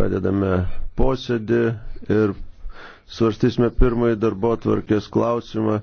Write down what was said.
Pradedame posėdį ir svarstysime pirmąjį darbo tvarkės klausimą.